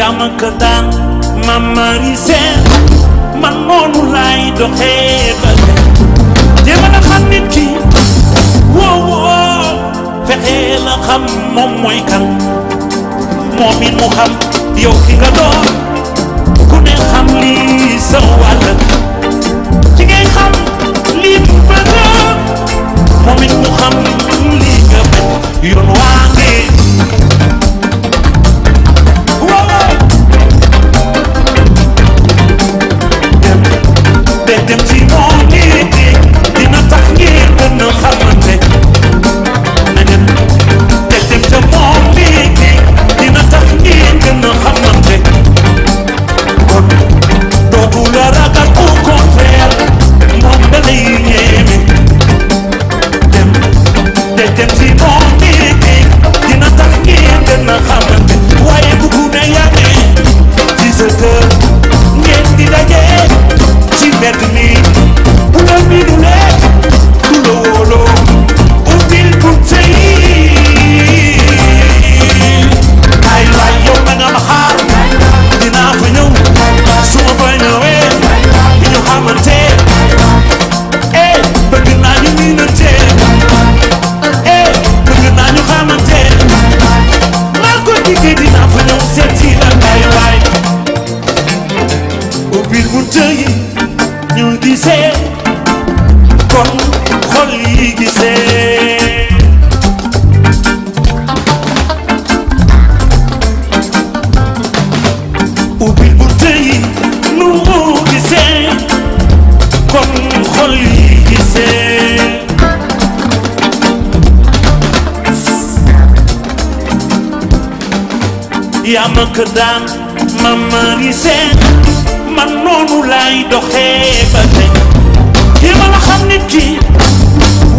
yaa ma ko ma mari seen man noonu laay doxee ba tey jéem a xam nit ki woo woo fexe xam moom mooy kan moom it yow ki nga ku ne lii sa wàll ci xam lii mu bëgg moom lii nga ma ko daan ma mari seen noonu laay doxee ba tey kii ma la xam nit ki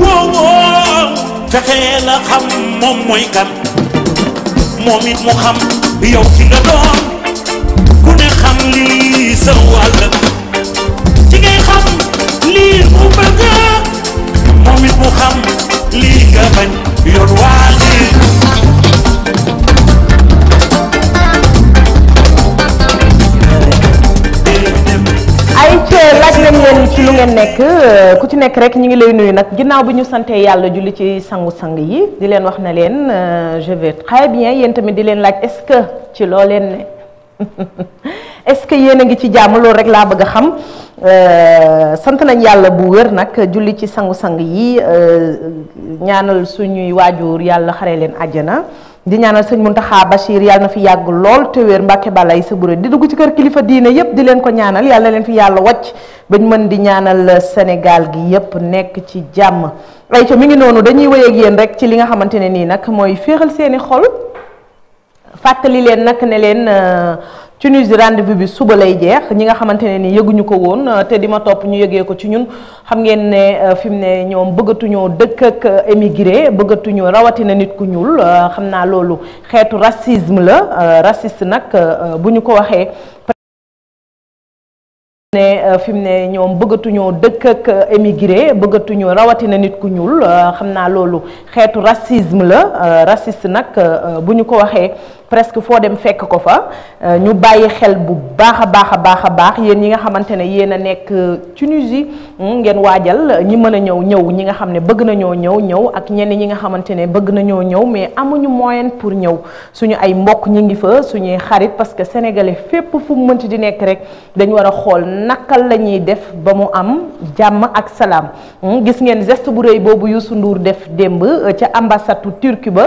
woowoo fexee la xam moom mooy kan moom it mu xam yow ki nga doon ku xam lii sa nekk rek ñu ngi lay nuyu nag ginnaaw bi ñu santee yàlla julli ci sangu-sang yi di leen wax na leen euh, je vais très bien yéen tamit di leen laaj est-ce que ci loo leen ne est-ce que yéen a ngi ci jàmm rek laa bëgg a xam euh, sant nañ yàlla bu wër nag julli ci sangu-sang yi euh, ñaanal suñuy waajur yàlla xare leen àjjana di ñaanal sëñ Muntaxa Bachir yal na fi yàgg lool te wér Mbàkke balay sa buré di dugg ci kër kilifa diine yépp di leen ko ñaanal yàlla na leen fi yàlla wàcc bañ mën di ñaanal Sénégal gi yépp nekk ci jàmm ay ca mi ngi noonu dañuy wéy ak yéen rek ci li nga xamante ne nii nag mooy féexal seeni xol fàttali leen nag ne leen euh, Tunisie rendez-vous bi suba lay jeex ñi nga xamante ne ni yëguñu ko woon te di ma topp ñu yëgee ko ci ñun xam ngeen ne euh, fi mu ne ñoom bëggatuñoo dëkk ak euh, émigré bëggatuñoo rawatina nit ku ñuul euh, xam naa loolu xeetu racisme la raciste nag bu ñu ko waxee. ne euh, fi mu ne ñoom bëggatuñoo dëkk ak euh, émigré bëggatuñoo rawatina nit ku ñuul euh, xam naa loolu xeetu racisme la raciste nag bu ñu ko waxee presque foo dem fekk ko fa ñu bàyyi xel bu baax a baax a baax a baax yéen ñi nga xamante ne yéen a nekk Tunisie hmm, ngeen waajal ñi mën a ñëw ñëw ñi nga xam ne bëgg nañoo ñëw ñëw ak ñenn ñi nga xamante ne bëgg nañoo ñëw mais amuñu moyen pour ñëw suñu ay mbokk ñi ngi fa suñuy xarit parce que sénégalais fépp fu mu di nekk rek dañ war a xool nakal la ñuy def ba mu am jàmm ak salaam hmm, gis ngeen geste bu rëy boobu Youssou nduur def démb euh, ca ambassade turki ba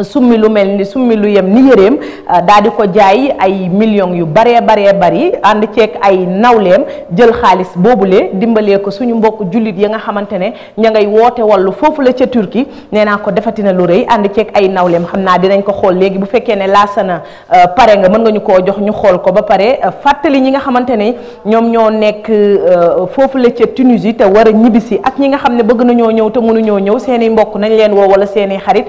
summi lu mel ni summi lu yem ni yëreem euh, daal di ko jaay ay millions yu baree baree bari ànd ceeg ay nawleem jël xaalis boobule dimbalee ko suñu mbokk jullit yi nga xamante ne ña ngay woote wallu foofu la ca Turquie nee naa ko defatina lu rëy ànd ceeg ay nawleem xam naa dinañ ko xool léegi bu fekkee ne laasana euh, pare nga mën nga ñu koo jox ñu xool ko ba pare euh, fàttali ñi nga xamante ne ñoom ñoo nekk foofu la ca yi te war a ñibbisi ak ñi nga xam ne bëgg nañoo ñëw te mënuñoo ñëw seen i mbokk nañ leen woo wala seen i xarit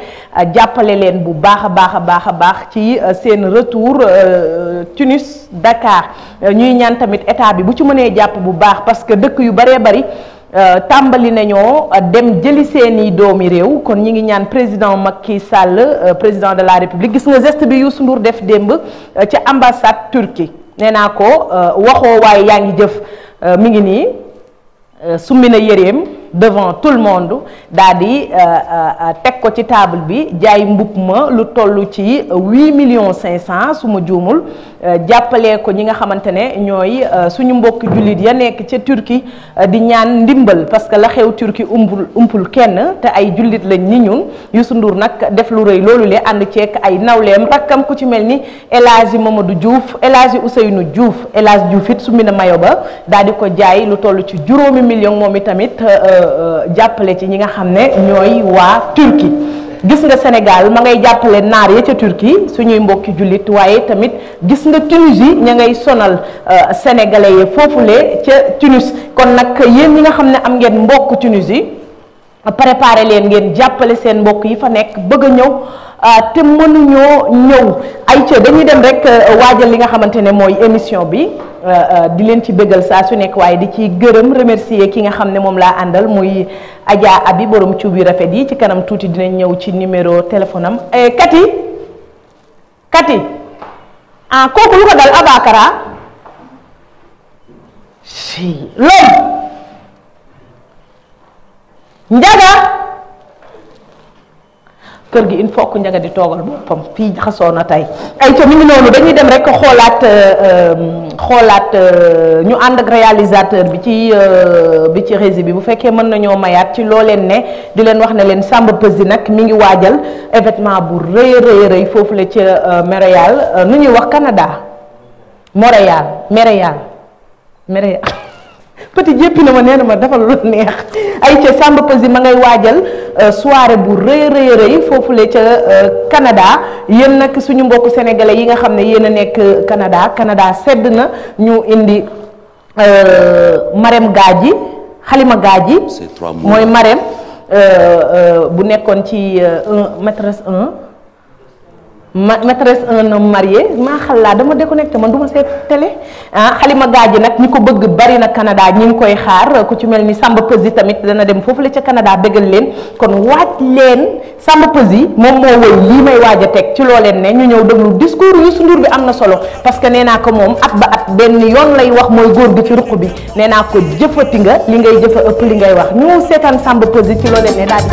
jàppale jàppale leen bu baax a baax a baax a baax ci euh, seen retour euh, Tunis Dakar euh, ñuy ñaan tamit état bi bu ci mënee jàpp bu baax parce que dëkk yu baree bari tàmbali nañoo dem jëli seeni doomi réew kon ñi ngi ñaan président Macky Sall président de la République gis nga geste bi Youssou Ndour def démb ca ambassade Turquie nee naa ko waxoo waaye yaa ngi jëf mi ngi nii summi na yëreem devant tout le monde daal di euh, euh, euh, teg ko ci table bi jaay mbub ma lu toll ci huit millions cinq cent su ma juumul jàppale ko ñi nga xamante ne ñooy suñu mbokki jullit ya nekk ca Turquie di ñaan ndimbal parce que la xew Turquie umpul umpul kenn te ay jullit lañ ni ñun Youssou Ndour nag def lu rëy loolu le ànd ceek ay nawleem rakkam ku ci mel ni El Hadji Mamadou Diouf El Hadji Ousseynou Diouf El Hadji Diouf it su mi ne mayo ba daal di ko jaay lu toll ci juróomi million moom itamit Euh, jàppale ci ñi nga xam ne ñooy waa Turquie gis nga Sénégal ma ngay jàppale naar ya ca Turquie suñuy mbokki jullit waaye tamit gis nga Tunisie ña ngay sonal euh, sénégalais yi foofule ca Tunis kon nag yéen ñi nga xam ne am ngeen mbokk tunis Tunisie préparé leen ngeen jàppale seen mbokk yi fa nekk bëgg a ñëw Euh, te mënuñoo ñëw ay ca dañuy dem rek euh, waajal li nga xamante ne mooy émission bi euh, di leen ci bëggal saa su nekk waaye di ci gërëm remercier ki nga xam ne moom laa àndal muy Adja Abi borom cuub yu rafet yi ci kanam tuuti dinañ ñëw ci numéro téléphone am Kati Kati ah kooku lu ko dal Abakara si njaga kër gi il faut que njaga di toogal boppam fii xasoo na tey ay ca mi ngi noonu dañuy dem rek xoolaat euh, euh, xoolaat euh, ñu ànd ak réalisateur bi ci bi ci régie bi bu fekkee mën nañoo mayaat ci looleen ne di leen wax na leen Samba Peuzzi nag mi ngi waajal événement bu rëy rëy rëy foofu la ca Montréal nu ñuy wax Canada Montréal Montréal Montréal petit jéppi na ma nee na ma defal lu neex ay ca Samba Peuzzi ma ngay waajal euh, soirée bu rëy rëy rëy foofule ca euh, Canada yéen nag suñu mbokku sénégalais yi nga xam ne yéen a nekk euh, Canada Canada sedd na ñu indi gaa Marème Gadji Halima Gadji mooy Marème bu nekkoon ci un maîtresse un ma maîtresse un homme marié maa xalaa dama déconnecté man du ma seet télé ah Halima Gadji nag ñi ko bëgg bari na Canada ñi ngi koy xaar ku ci mel ni Samba Peuzzi tamit dana dem foofu la ci kanadaa bégal leen kon waaj leen Samba Peuzzi moom moo woy lii may waaj a teg ci loo leen ne ñu ñëw déglu discours Youssou Ndour bi am na solo parce que nee naa ko moom at ba at benn yoon lay wax mooy góor gi ci ruq bi nee naa ko jëfati nga li ngay jëfa ëpp li ngay wax ñu seetaan Samba Peuzzi ci loo leen ne daal di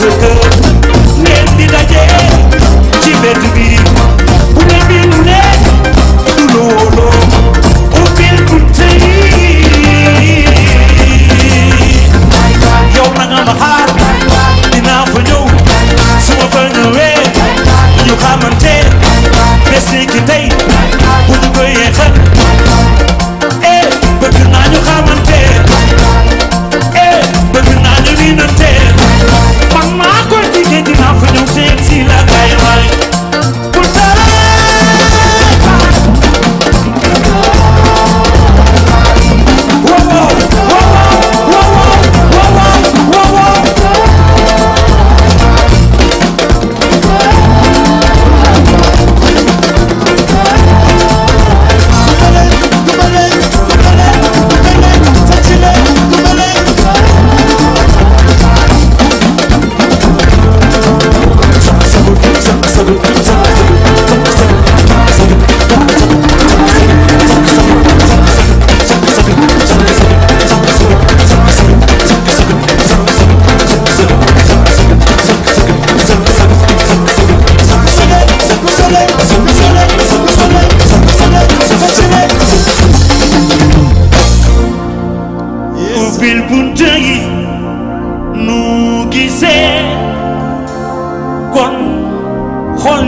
sa kër ubbil bunt yi nu gisee kon xol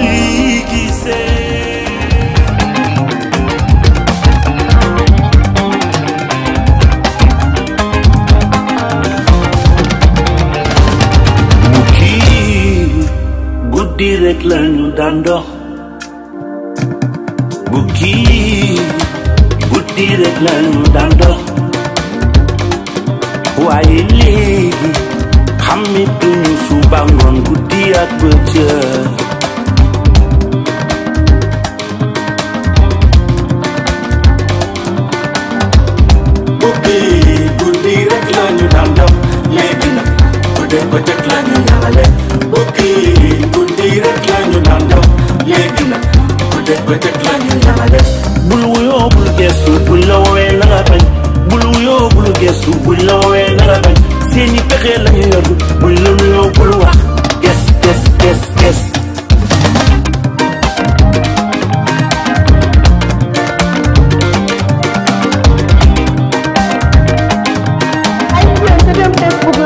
gisee mu guddi rek lañu daan dox waaye léegi xàmmetuñu suba ngoon guddi ak bëccëg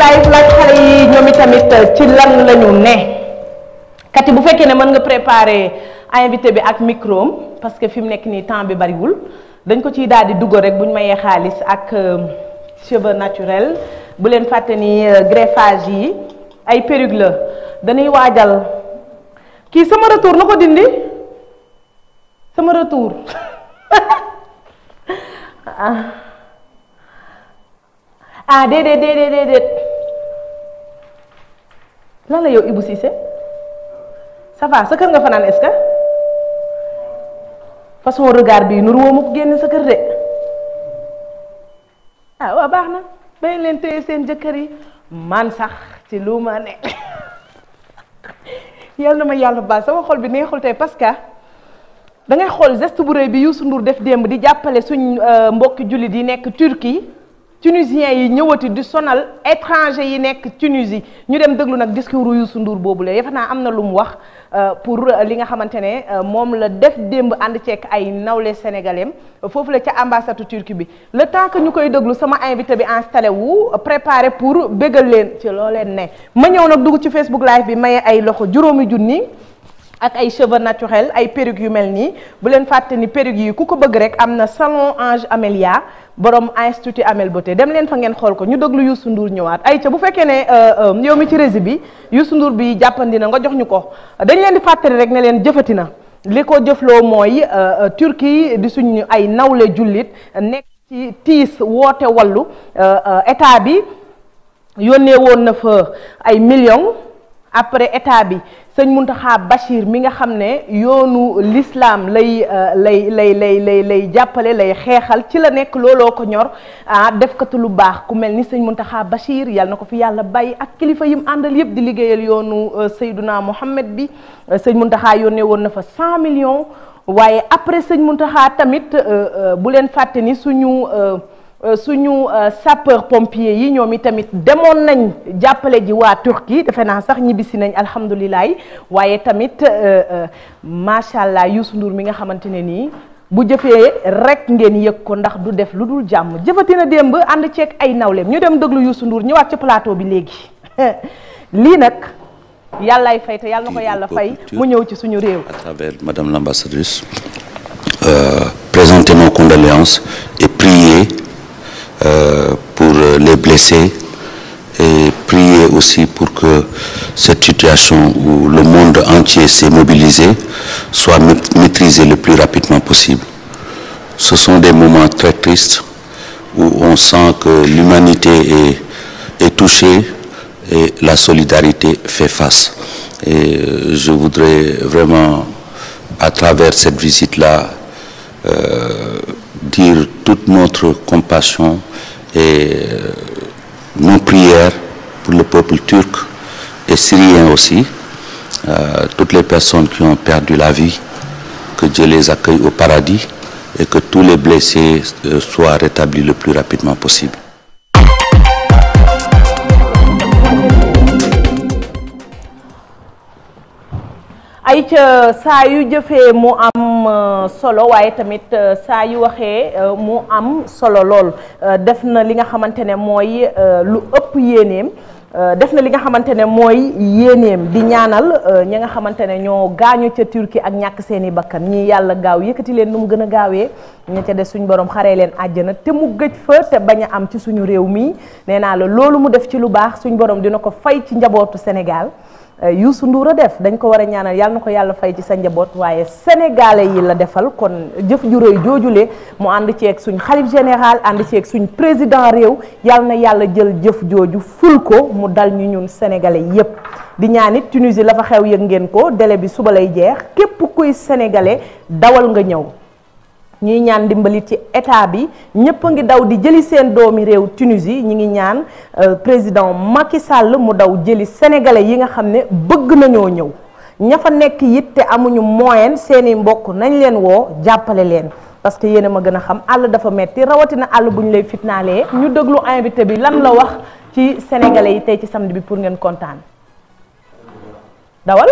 live laaj xale ñoom itamit euh, ci lan la ne kati bu fekkee ne mën nga préparer invité bi ak micro am parce que fi mu nekk nii temps bi bariwul dañ ko ciy daal di dugg rek bu ñu mayee xaalis ak euh, cheveux naturel bu leen fàtte ni euh, greffage yi ay perruque la dañuy waajal kii sama retour na ko dindi sama retour ah. ah déedéet déedéet déedéet lan la yow Ibou Cissé ça va sa kër nga fanaan est que façon regard bii nur woo ko génn sa kër de ah waaw baax na bay leen téye seen jëkkër yi man sax ci lu ma ne yal na ma yàlla baal sama xol bi neexul tey parce que da ngay xool geste bu rëy bi Youssou Ndour def démb di jàppale suñ euh, mbokki jullit yi nekk Turquie tunisiens yi ñëwati di sonal étranger yi nekk Tunisie ñu dem déglu nag discours Youssou Ndour boobu la defe am na lu mu wax euh, pour euh, li nga xamante ne euh, moom la def démb ànd ceek ay nawle sénégalais foofu la ca ambassade turque bi le temps que ñu koy déglu sama invité bi installé wu préparé pour bégal leen ci loo leen ne ma ñëw nag dugg ci Facebook live bi maye ay loxo juróomi junni ak ay cheveux naturels ay perruques yu mel nii bu leen fàtte ni perruques yi ku ko bëgg rek am na salon Ange Amélia borom institut Amel Beauté dem leen fa ngeen xool ko ñu déglu Youssou Ndour ñëwaat ay ca bu fekkee ne euh, euh, yow mi ci rési bi Youssou Ndour bi jàppandi na nga jox ñu ko dañ leen di fàttali rek ne leen jëfati na li ko jëfloo mooy euh, Turquie di suñu ay nawle jullit nekk ci tiis woote wallu état bi yónnee woon na fa ay millions après état bi sëñ Mountakha Bachir mi nga xam ne yoonu lislaam lay euh, lay lay lay lay lay jàppale lay xeexal ci la nekk looloo ko ñor ah defkatu lu baax ku mel ni sëñ Mountakha Bachir yàlla na ko fi yàlla bàyyi ak kilifa yim àndal yëpp di liggéeyal yoonu euh, Seyduna Mohamed bi euh, sëñ Mountakha yónnee woon na fa 100 millions waaye après sëñ Mountakha tamit bu leen fàtte ni suñu. Euh, suñu euh, sapeur pompier yi ñoom tamit demoon nañ jàppale ji waa Turquie defe naa sax ñibbisi nañ alhamdulilah waaye tamit euh, macha allah Youssou Ndour mi nga xamante ne nii bu jëfee rek ngeen yëg ko ndax du def lu dul jàmm jëfatina démb ànd ceek ay nawleem ñu dem déglu Youssou Ndour ñëwaat ci plateau bi léegi lii nag yàllaay fay te yàlla na ko yàlla fay mu ñëw ci suñu réew. à travers madame l'ambassadrice euh, présenter nos condoléances et Euh, pour euh, les blessés et prier aussi pour que cette situation où le monde entier s'est mobilisé soit maîtrisée le plus rapidement possible. Ce sont des moments très tristes où on sent que l'humanité est, est touchée et la solidarité fait face. Et euh, je voudrais vraiment, à travers cette visite-là, euh, attire toute notre compassion et euh, nos prières pour le peuple turc et syrien aussi, euh, toutes les personnes qui ont perdu la vie, que Dieu les accueille au paradis et que tous les blessés euh, soient rétablis le plus rapidement possible. Euh, solo waaye tamit euh, saa yu waxee euh, mu am solo lool def na li nga xamante ne mooy lu ëpp yéeneem def na li nga xamante ne mooy yéeneem di ñaanal ñi nga xamante ne ñoo gaañu ca turki ak ñàkk seeni bakkan ñi yàlla gaaw yëkkati leen nu mu gën a gaawee ña ca def suñu borom xaree leen àjjana te mu gëj fa te bañ a am ci suñu réew mi nee naa la loolu mu def ci lu baax suñu borom dina ko fay ci njabootu Sénégal. Eh, Youssou Ndour a def dañ ko war a ñaanal yàlla na ko yàlla fay ci sa njaboot waaye sénégalais yi la defal kon jëf ju rëy joojule mu ànd ceeg suñ xalif général ànd ceeg suñ président réew yàlla na yàlla jël jëf jooju ful ko mu dal ñu ñun sénégalais yépp di ñaan it Tunisie la fa xew yëg ngeen ko délai bi suba lay jeex képp kuy sénégalais dawal nga ñëw ñuy ñaan dimbali ci état bi ñëpp a ngi daw di jëli seen doomi réew Tunisie ñi ngi ñaan euh, président Macky Sall mu daw jëli sénégalais yi nga xam ne bëgg nañoo ñëw ña fa nekk it te amuñu moyen seeni mbokk nañ leen woo jàppale leen parce que yéen ma gën a xam àll dafa metti rawatina àll bu ñu lay fitnaalee ñu déglu invité bi lan la wax ci sénégalais yi tey ci samedi bi pour ngeen kontaan dawal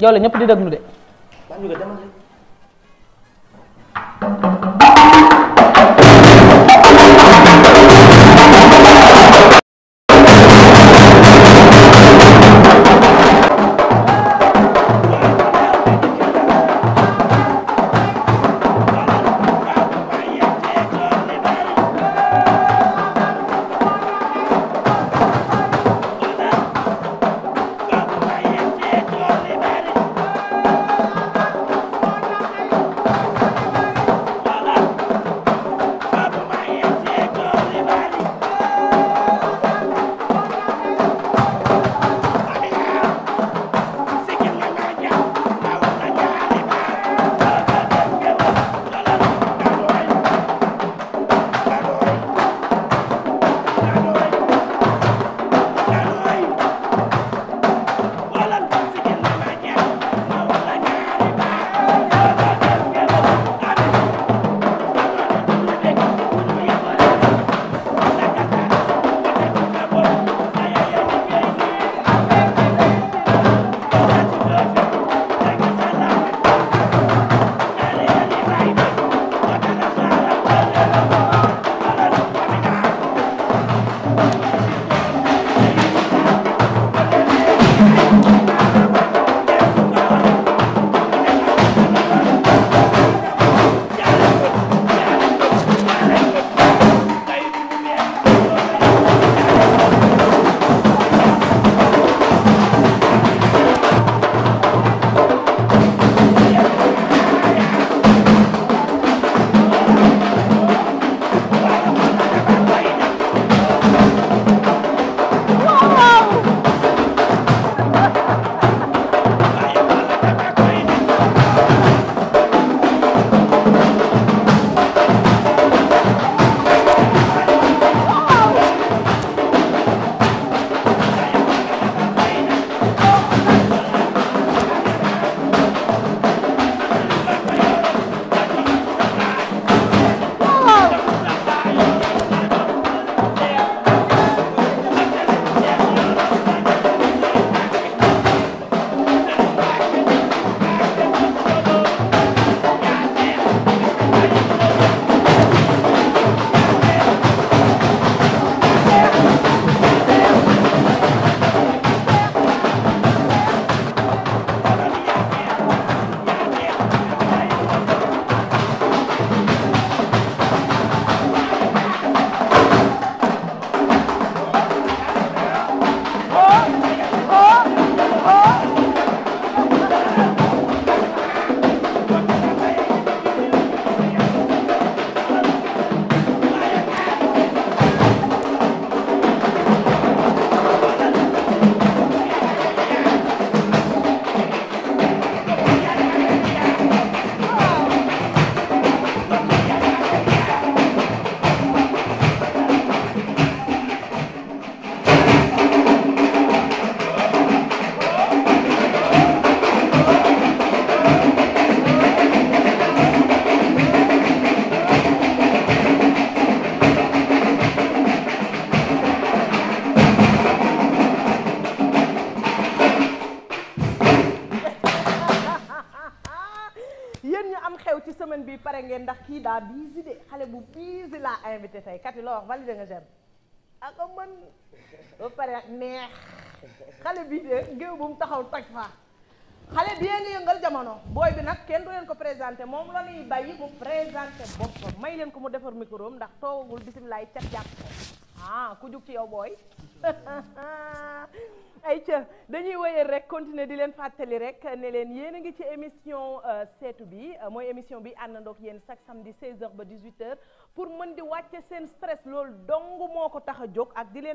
yow la ñëpp di déglu de. yéen ñu am xew ci semaine bi pare ngeen ndax kii daa busy de xale bu busy laa invité tey kat yi loo wax validé nga jëm ak mën ba pare neex xale bi de géew bu mu taxaw toj fa xale bi ngi yëngal jamono booy bi nag kenn du leen ko présenté moom la ñuy bàyyi mu présenté boppam may leen ko mu defar micro am ndax toogagul bisimilaay cat jàpp ko ah ku jug ci yow booy ay ca dañuy wéyal rek continuer di leen fàttali rek ne leen yéen a ngi ci émission euh, seetu bi euh, mooy émission bi àndandoog yéen chaque samedi 16h ba 18h pour mën di wàcce seen stress lool dong moo ko tax a jóg ak di leen